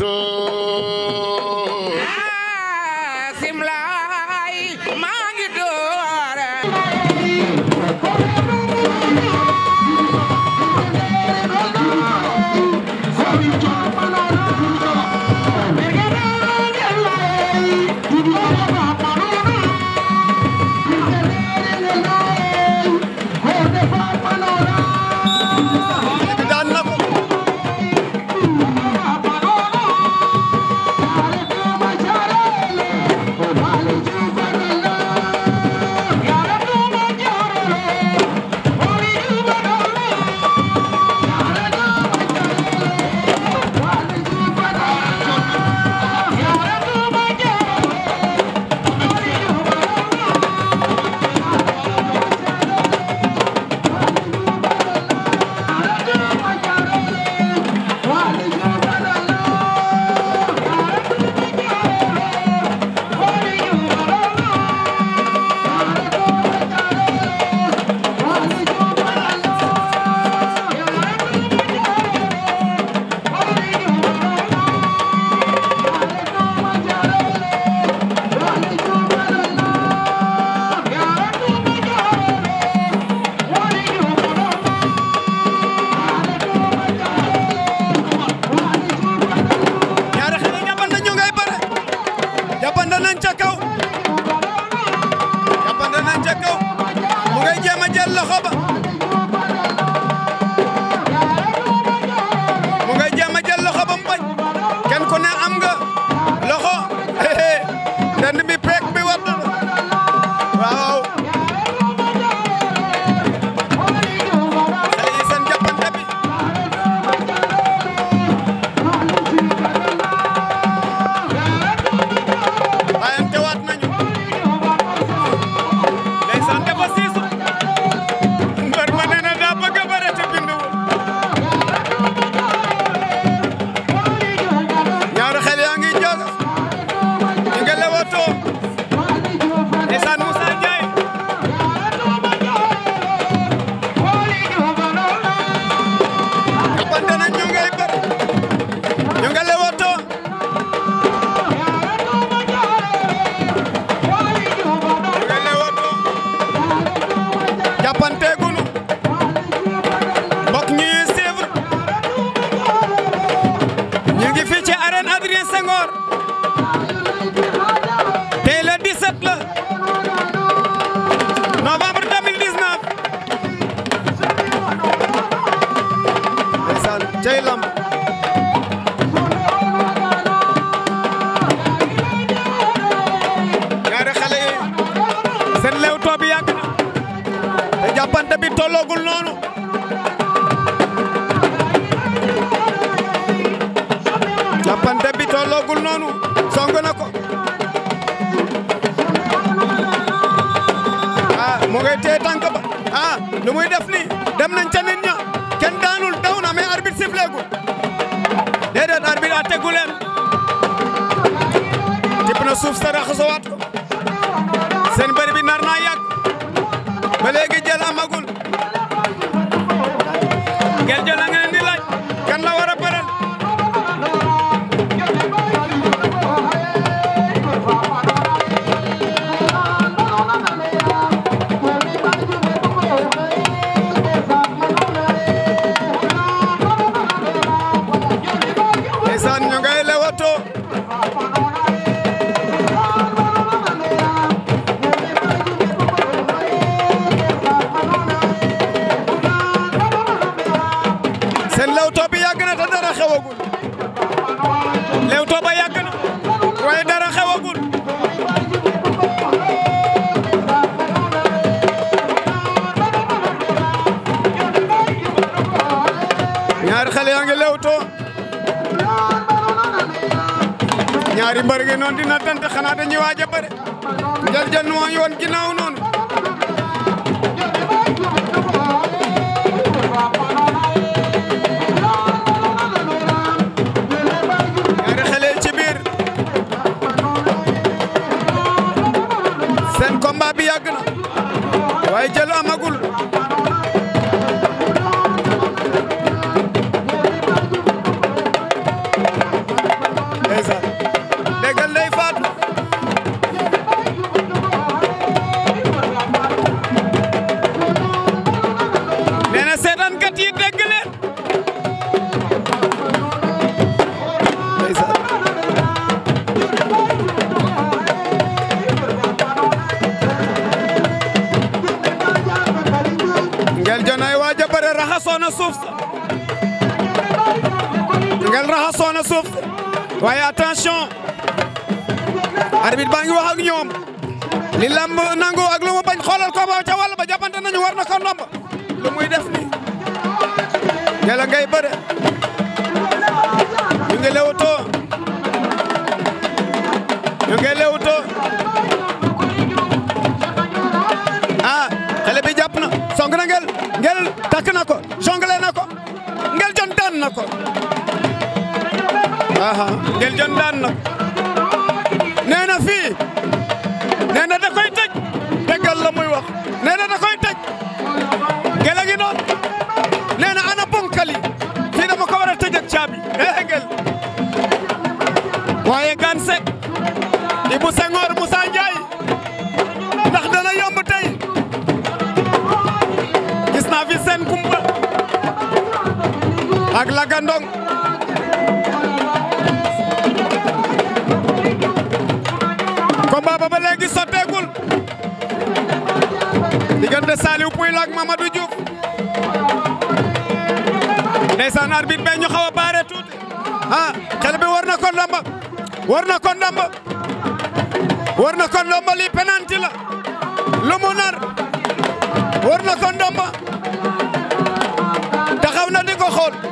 Santo ñaari xale yaa ngi lewtoo ñaari mbër gi noonu dina dante xanaa dañuy waaj a bëre jël jël moo ñu woon ginnaaw noonu ñaari xale ci biir seen combat bi na waaye jël am waaye attention arbitre baa ngi wax li lamb nangu ak lu bañ xoolal ko ba ca wàll ba jàppante nañu ko ndomb lu muy def ni gela ngay ñu ngi lewtoo ñu ngi ah, bi jàpp na song na takk na ko jongle na ko ngel jon daan na ko aha Nguel Dione daan fii nee da koy tëj déggal la muy wax nee da koy tëj Nguel a noon nee na ana ponkali fii dama ko war a caabi ee Nguel waaye gan sek Ibou Senghor Moussa Ndiaye ndax dana yomb tey gis naa fi seen kumba ak lagandong Boy Lo ak Mamadou Diouf ndeysaan arbitre bi ñu a baare tuuti ah xel bi war na ko ndomba war na ko ndomba war nar war na ko ndomba na di xool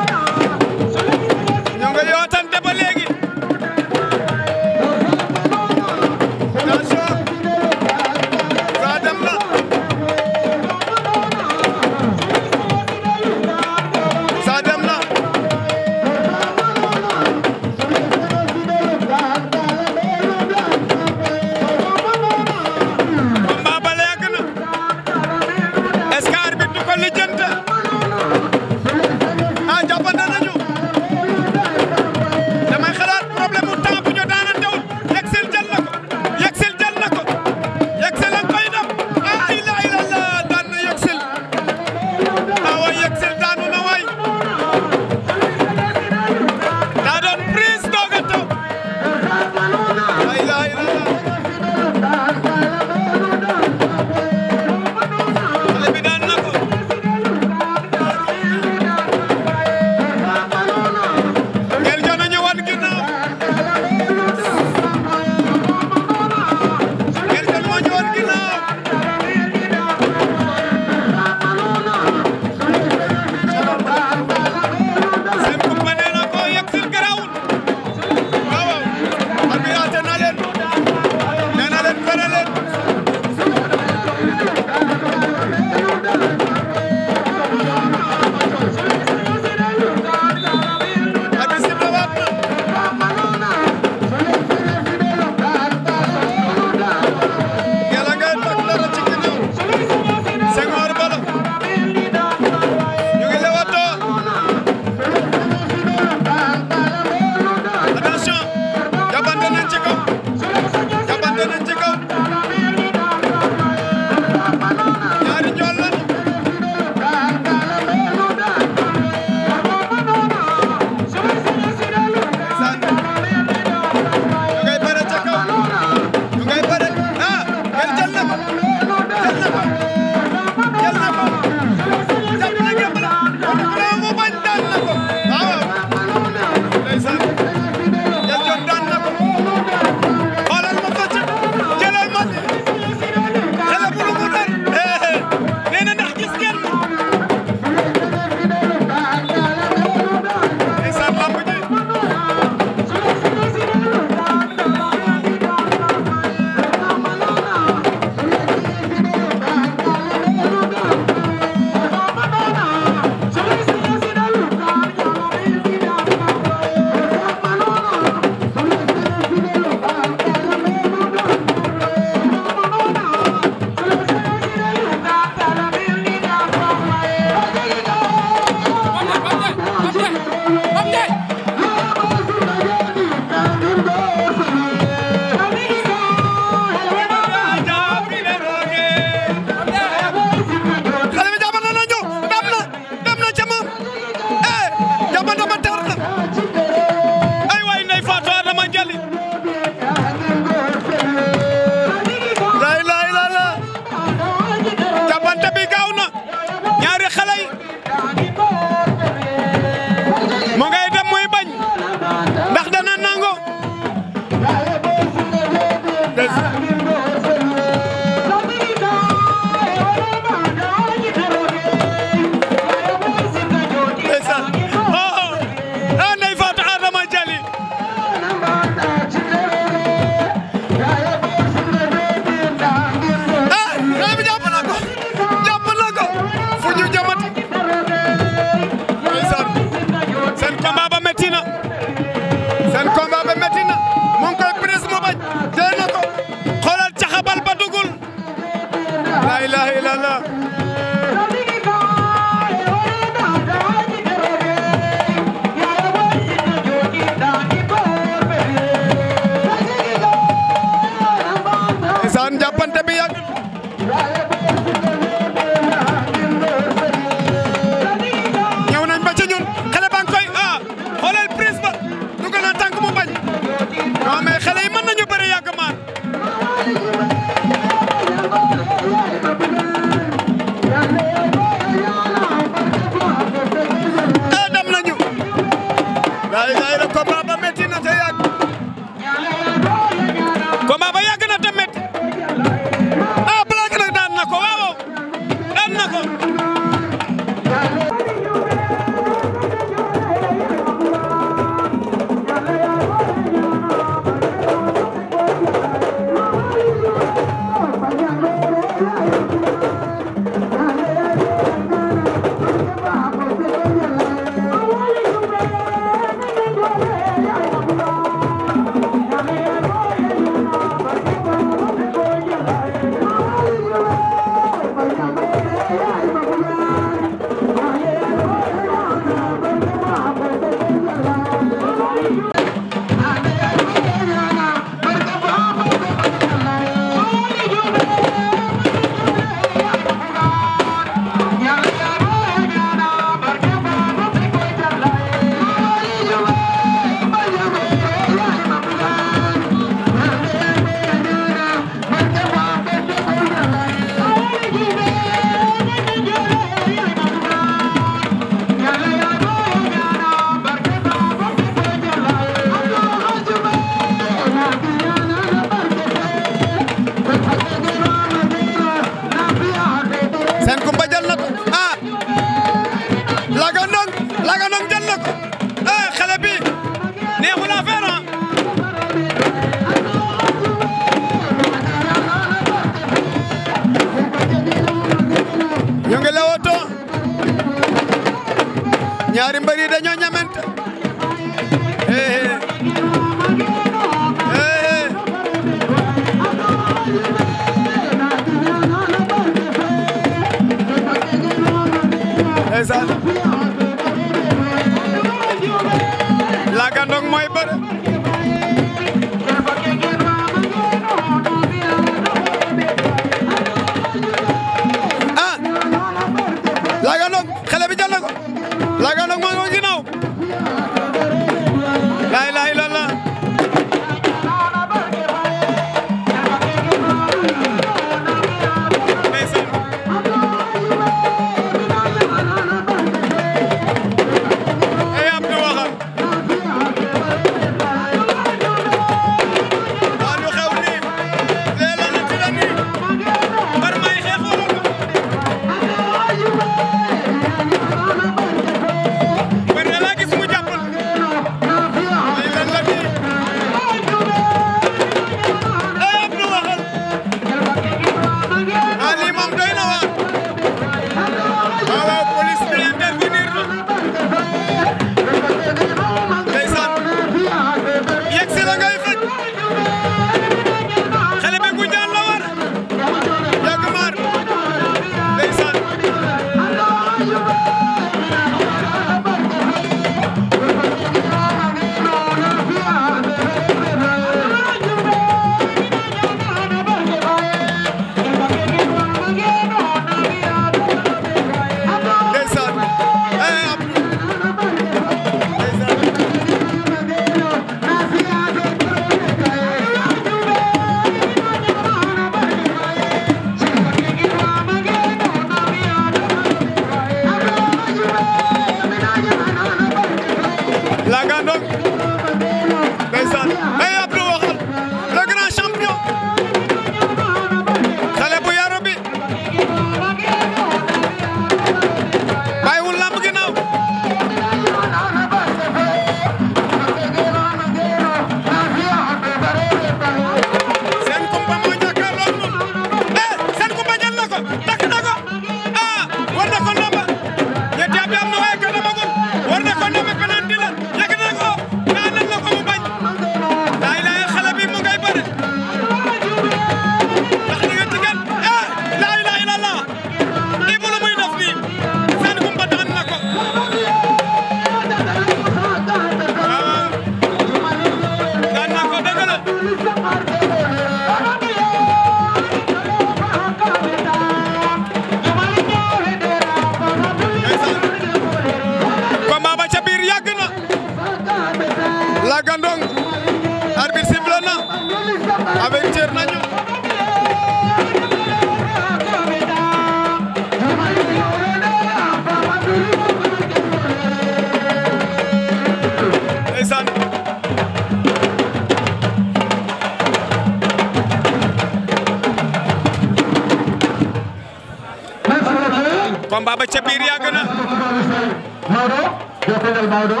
Daouda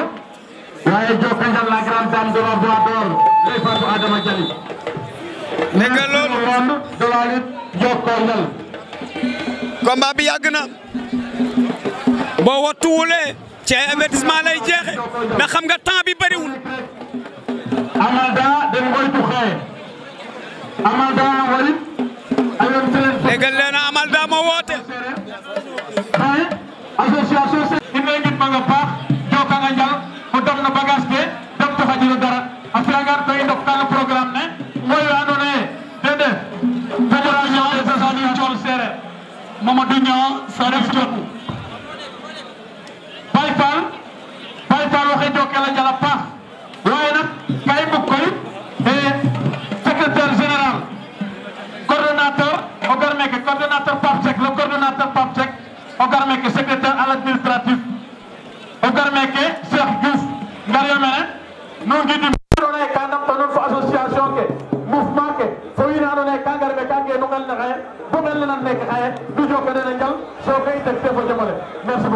waaye Jokalante la grande boo wattuwulee ci ay avertissement lay jeexe ndax xam nga temps bi bëriwul. Amalda dañ koy tuxee Amalda warit ayoon woote. association. ñu ngi leen di baax. jangal o damna bagage ke damta xaƴiro dara a fi'angaan koy i ndoka no programme ne mooy we andoona yee ten ref comoraio col seereer Mamadou Niang sa ref cooku Baye Fall Baye Fall waxey ndokel a njal a paax waaye nag ka i mbug no giɗi mbiɗo ɗa e ka namta noon fo association ke mouvement ke fo wiine aɗon e ka gar ɓe ka geenu ngalne xaye bo ɓellenan neke xaye du jokonene njal so ka i teg te fo jamole merci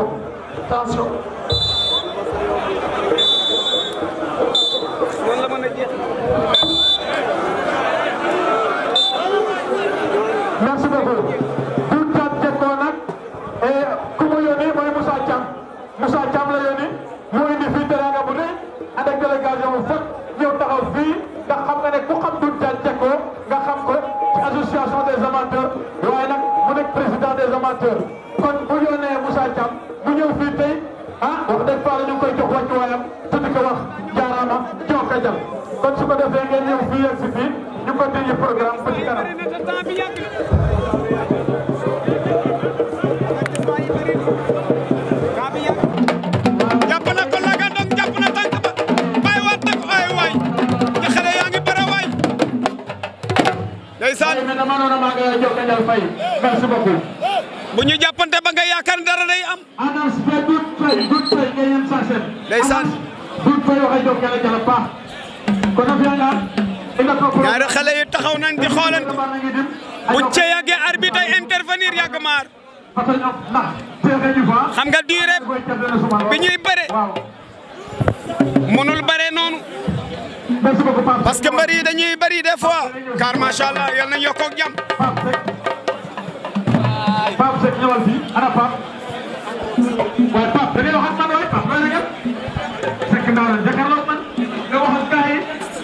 amateur kon bu ñu nee Moussa Thiam mu ñëw fii tey ah wax dëgg fa la ñu koy jox wàccuwaayam tudd ko wax jaaraama jox ko jàll kon su ko defee ngeen ñëw fii yegg si fii ñu continue programme ba ci kanam. Ndeysaan, mais dama noonu maa ngi lay jox Gandial Faye merci beaucoup bu ñu jàppante ba nga yaakaar dara day am. ndeysaan. ñaari xale yi taxaw nañ di xoolante buñ ca yàggee arbitre day intervenir yàgg maar. xam nga durée bi ñuy bëre mënul bare noonu parce que mbër yi dañuy bëri des fois car macha allah yal nañ yokk ak Pape Seck ñëwal fii ana Pape waaye Pape da ngay wax ak man waaye Pape loolu la ngeen Seck ndaw la jàkkaarloo man nga wax ak gars yi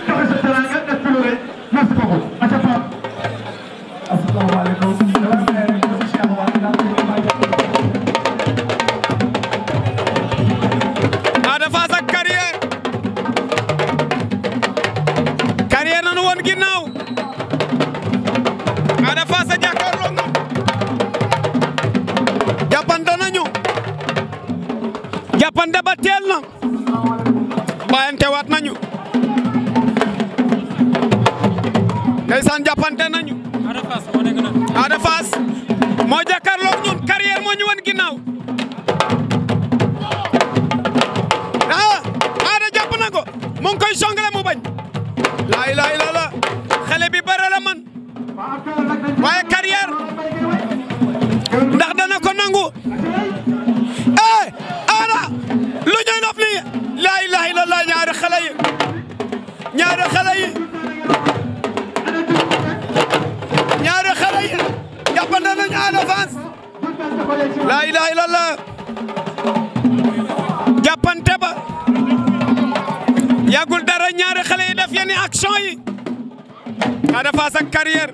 joxe sa teranga def fi lu rëy merci beaucoup élection yi Ada Fass ak carrière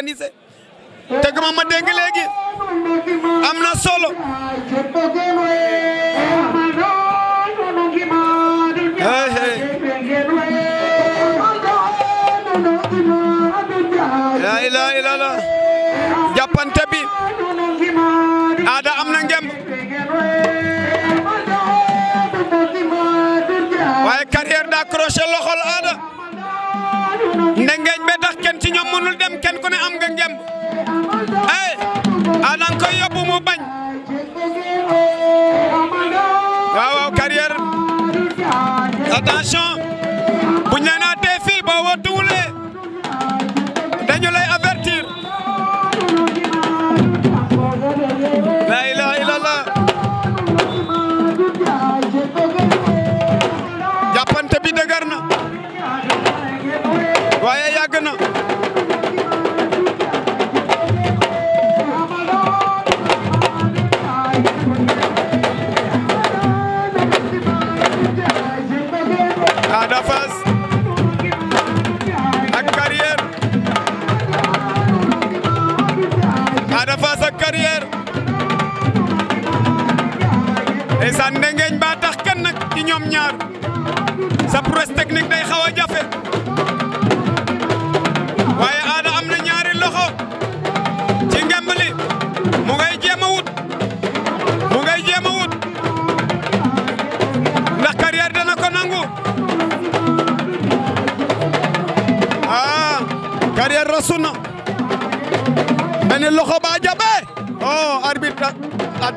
organisé.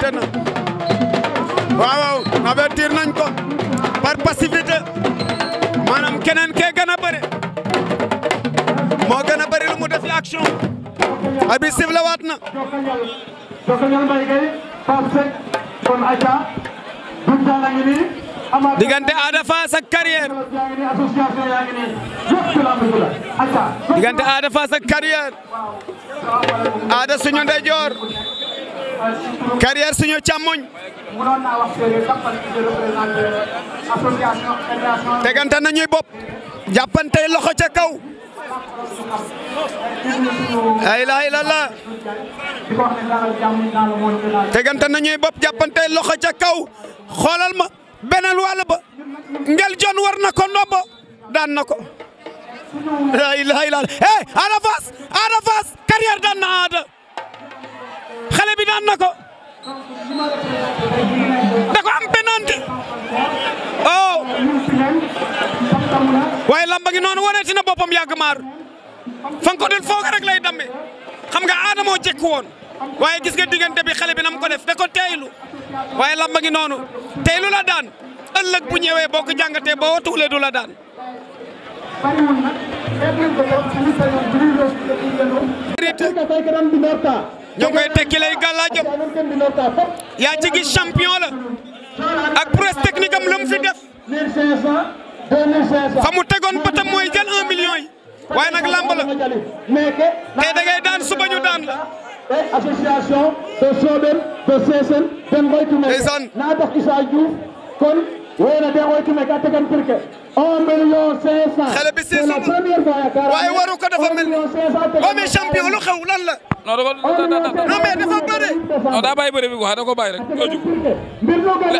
averté na waaw avertir nañ ko par passivité maanaam keneen ke gën a bëri moo gën a bëri lu mu def ci action la waat na jokañal mbay gay Pape Seck kon aca dum daan carrière suñu càmmoñ tegante nañuy bopp jàppantey loxo ca kaw la ilaha illallah tegante nañuy bopp jàppantey loxo ca kaw xoolal ma beneen wal ba ngel jon war na ko ndombo daan na ko la ilaha illallah eh Ada Fass daan na Ada xale bi daan na ko da am penante oh waaye lamba gi noonu waneeti na boppam yàgg maar fa ko doon foog rek lay damme xam nga aada moo jekk woon waaye gis nga diggante bi xale bi nam ko def da teeylu waaye lamba gi noonu teeylu la daan ëllëg bu ñëwee boo ko jàngatee boo watuulee du la daan. ñu koy tekki lay gàllaajam yaa ci gis champion la ak presse technique am la mu fi def fa mu tegoon bëtam mooy jël 1 million yi waaye nag lamb la tey da ngay daan suba ñu daan la. association de Sobel de Sessène den ngoytu meke a tegan bi Sessène waaye waru ko dafa mel comme champion lu xew lan non dafa non mais dafa bëre non daa bàyyi bëre bi quoi da ko bàyyi rek jooju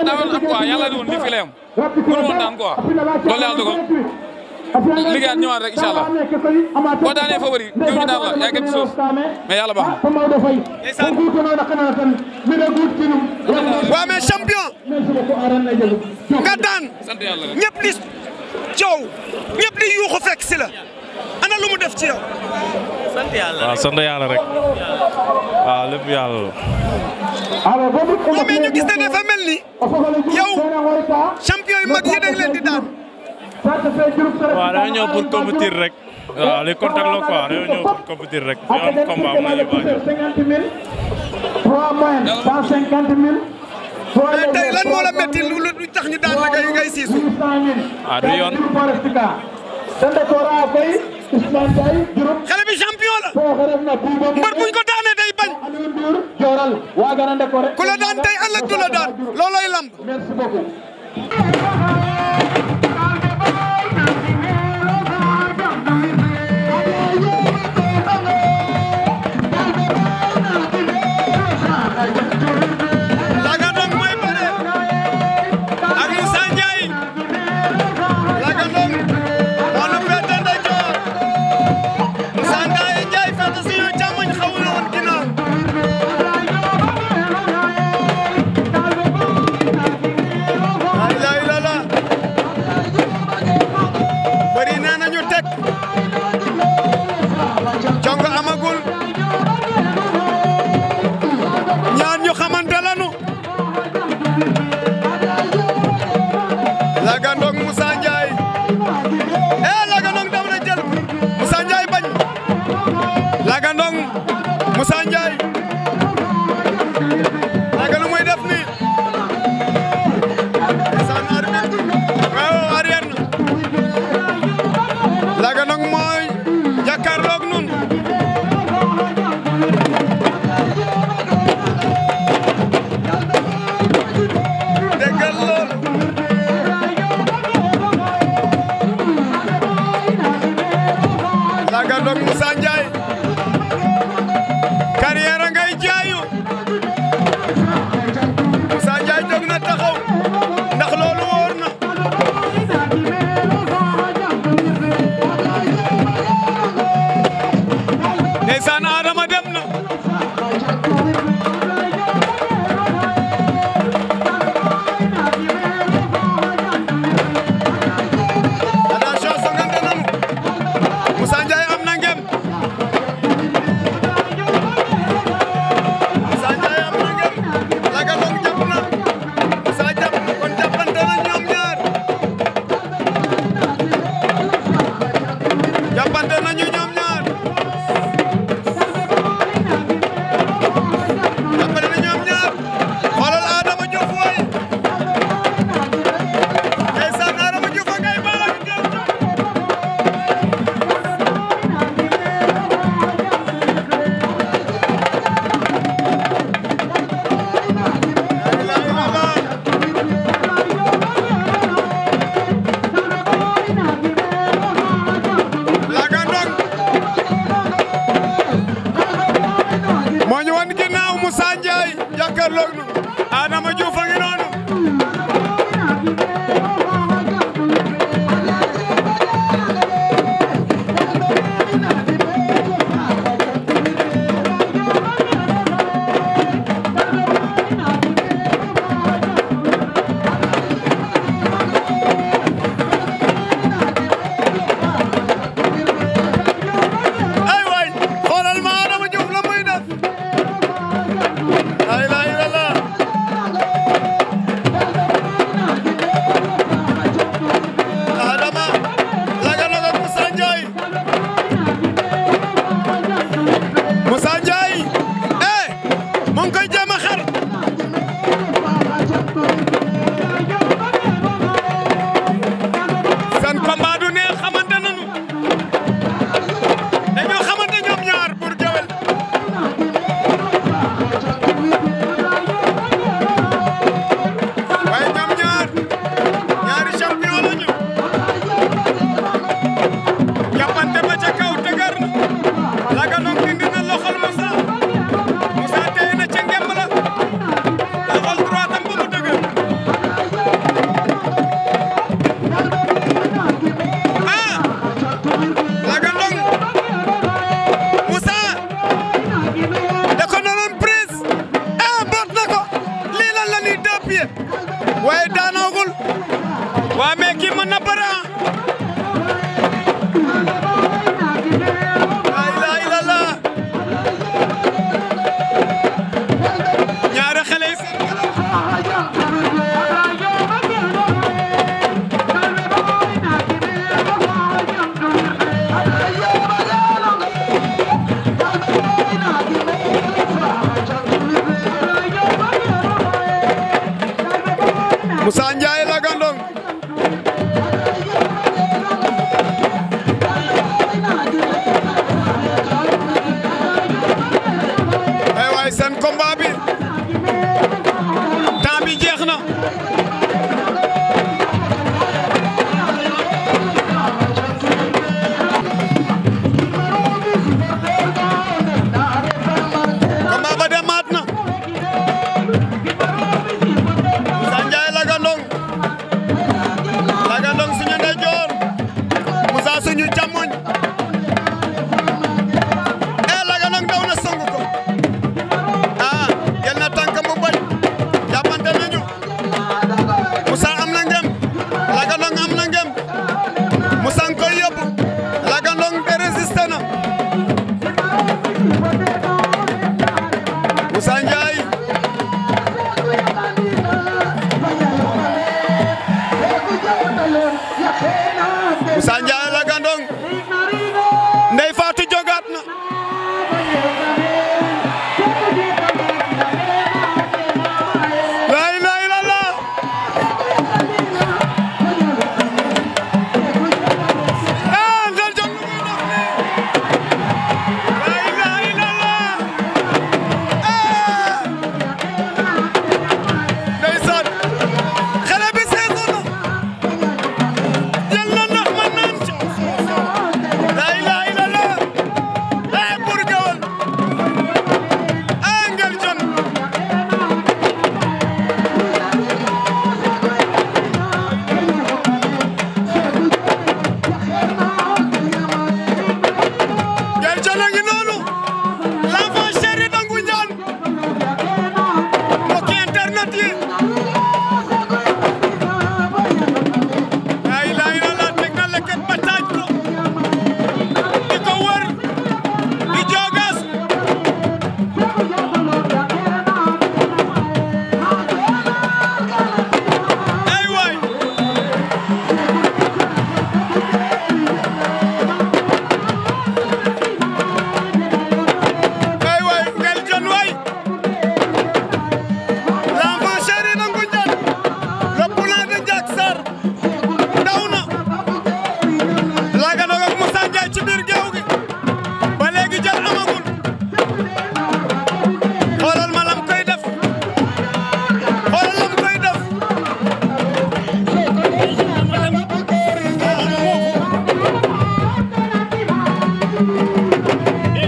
daa woon am quoi yàlla ni woon li fi lay am mënu woon daan quoi loolu yàlla dogal a ñëwaat rek incha allah boo daanee favori ñëw ñu daan yaa ngi ci suuf mais yàlla baax na. waaw mais daan. sant yàlla rek ñëpp di yuuxu fekk si la ana lu def ci sant yàlla waaw sant yàlla rek waaw la. mais ñu gis ne dafa champion yu mag yi dañ di daan. waaw dañoo ñëw pour compétir rek. waaw li contact la quoi dañoo ñëw pour compétir rek ñu am combat am nañu waa ñoom. mais tey lan la métti lu lu tax ñu daan la ngay ngay siisu. Ousmane la mbër day bañ ku la daan tey ëllëg du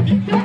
bi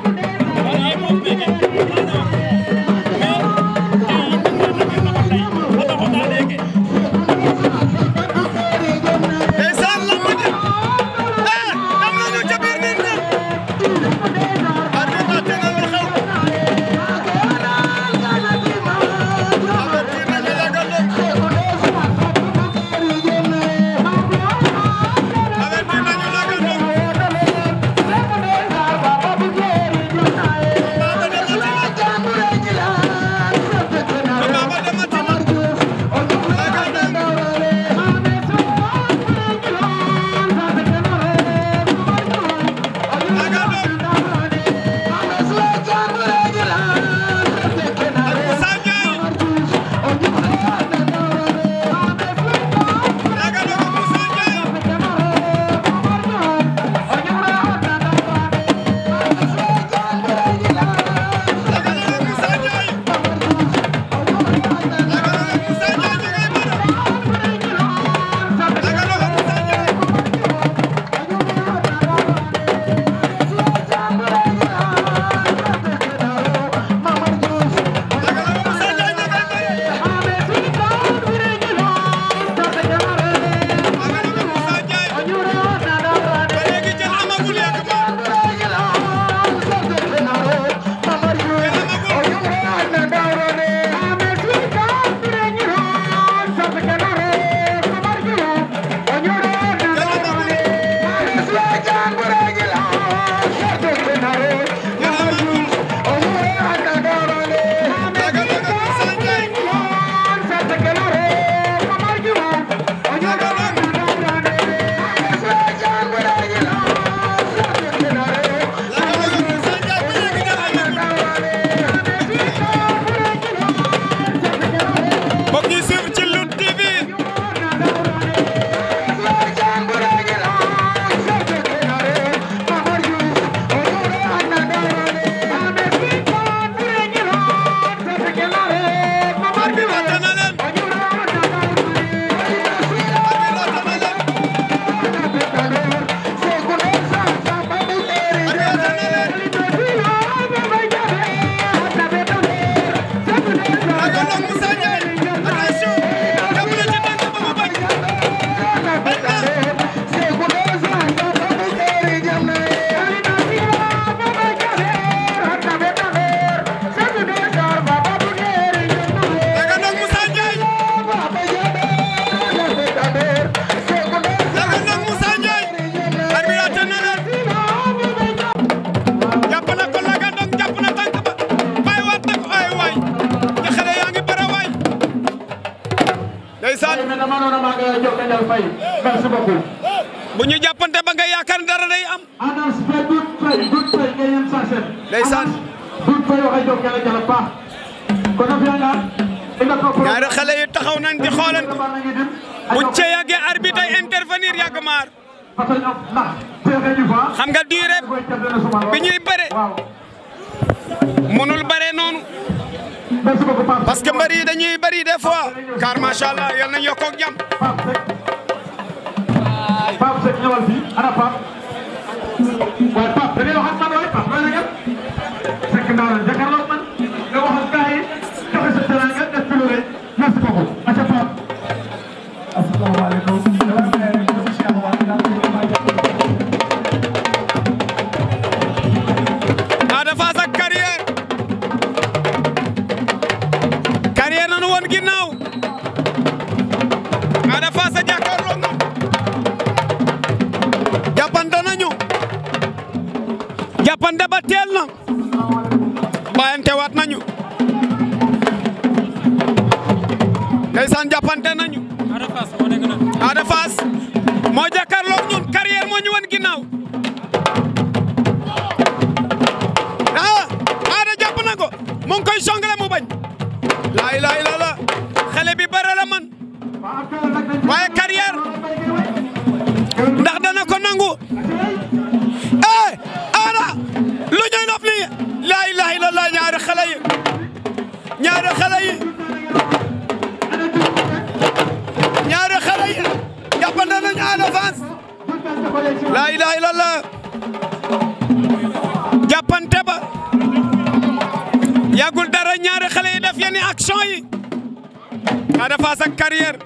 Ada Fass laa ilaaha illallah jàppante ba yàggul dara ñaari xale yi def yenn action yi Ada Fass ak carrière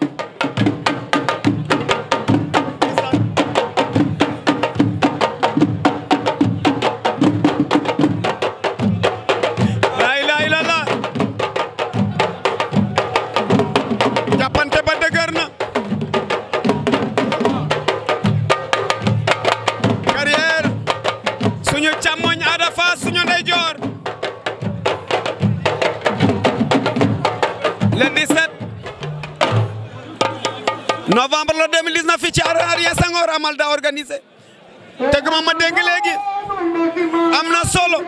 Malda organisé te ma ma dégg léegi am na solo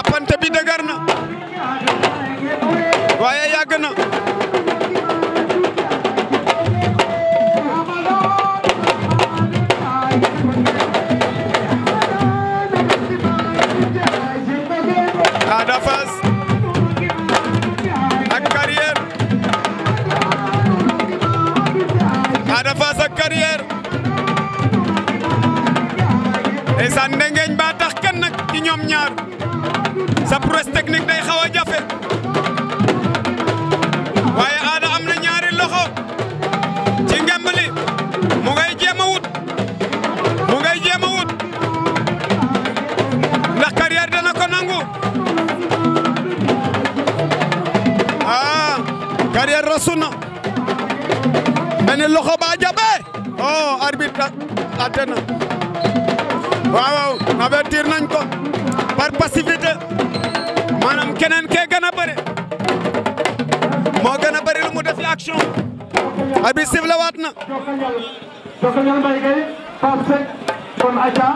jàppante bi dëgër na waaye yàgg na atte na waaw waaw avertir nañ ko par passivité maanaam keneen ke gën a bëri moo gën a lu mu def ci action abi sifle waat na jokañal mbay gay Pape Seck kon aca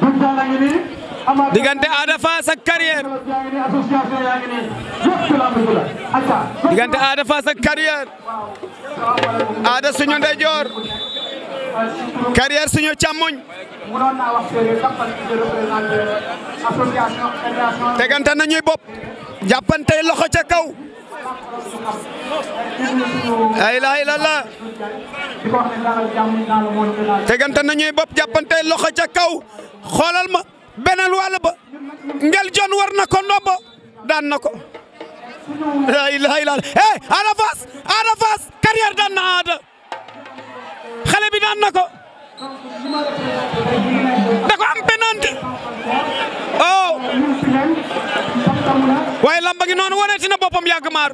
dun jala carrière suñu càmmoñ tegante nañuy bopp jàppantey loxo ca kaw la ilaha illallah tegante nañuy bopp jàppantey loxo ca kaw xoolal ma beneen wàll ba ngel jon war ko ndombo daan na ko la ilaha illallah eh Ada Fass Ada Fass daan na Ada xale bi daan na ko da ko am penalty oh waaye lamba gi noonu wane na boppam yàgg maar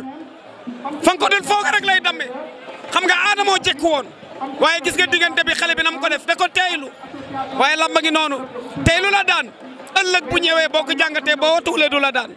fa ko dul foog rek lay damme xam nga aadamoo jekku woon waaye gis nga diggante bi xale bi nam ko def da ko waaye lamba gi noonu teylu la daan ëllëg bu ñëwee boo ko jàngatee boo tuulee du la daan.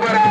Mubarak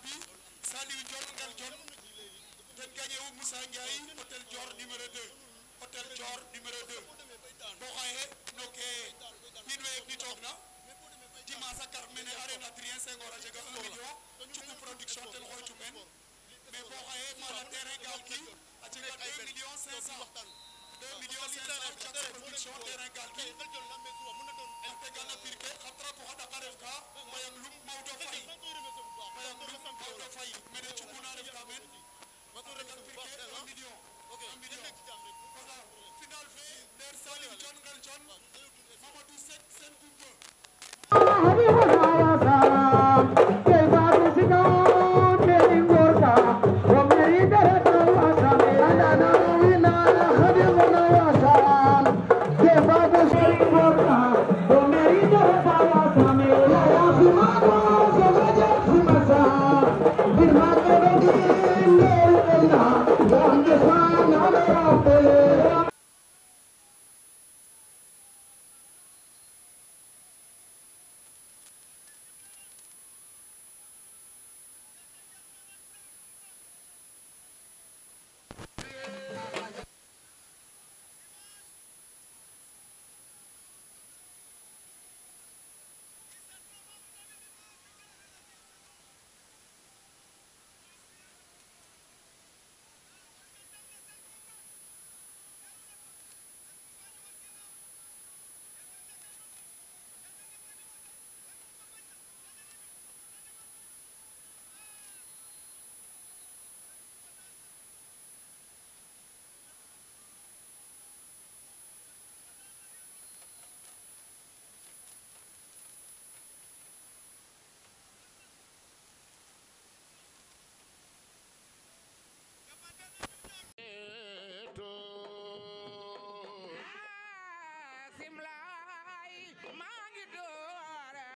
bi Saliou Dior Ngal Dior dañ gagné wu Moussa Ndiaye hôtel Dior numéro 2 hôtel Dior numéro 2 boo xoolee nokkee miin weeg toog na dimanche ak kàr mene arène Adrien Senghor a jega 1 million cuku production ten xooytu men mais boo xoolee maanaam terrain gaal gi a jega 2 millions 500 2 millions 500 cuku production terrain gaal gi a tegan a pir ke xa trapo xa ɗaka ref ka mayam lum Maodo Maodo Faye mais ne ci mun naa def quand même ba ko récupéré un million un million parce que final fee der Salim John Galchon Mamadou Seck seen kumba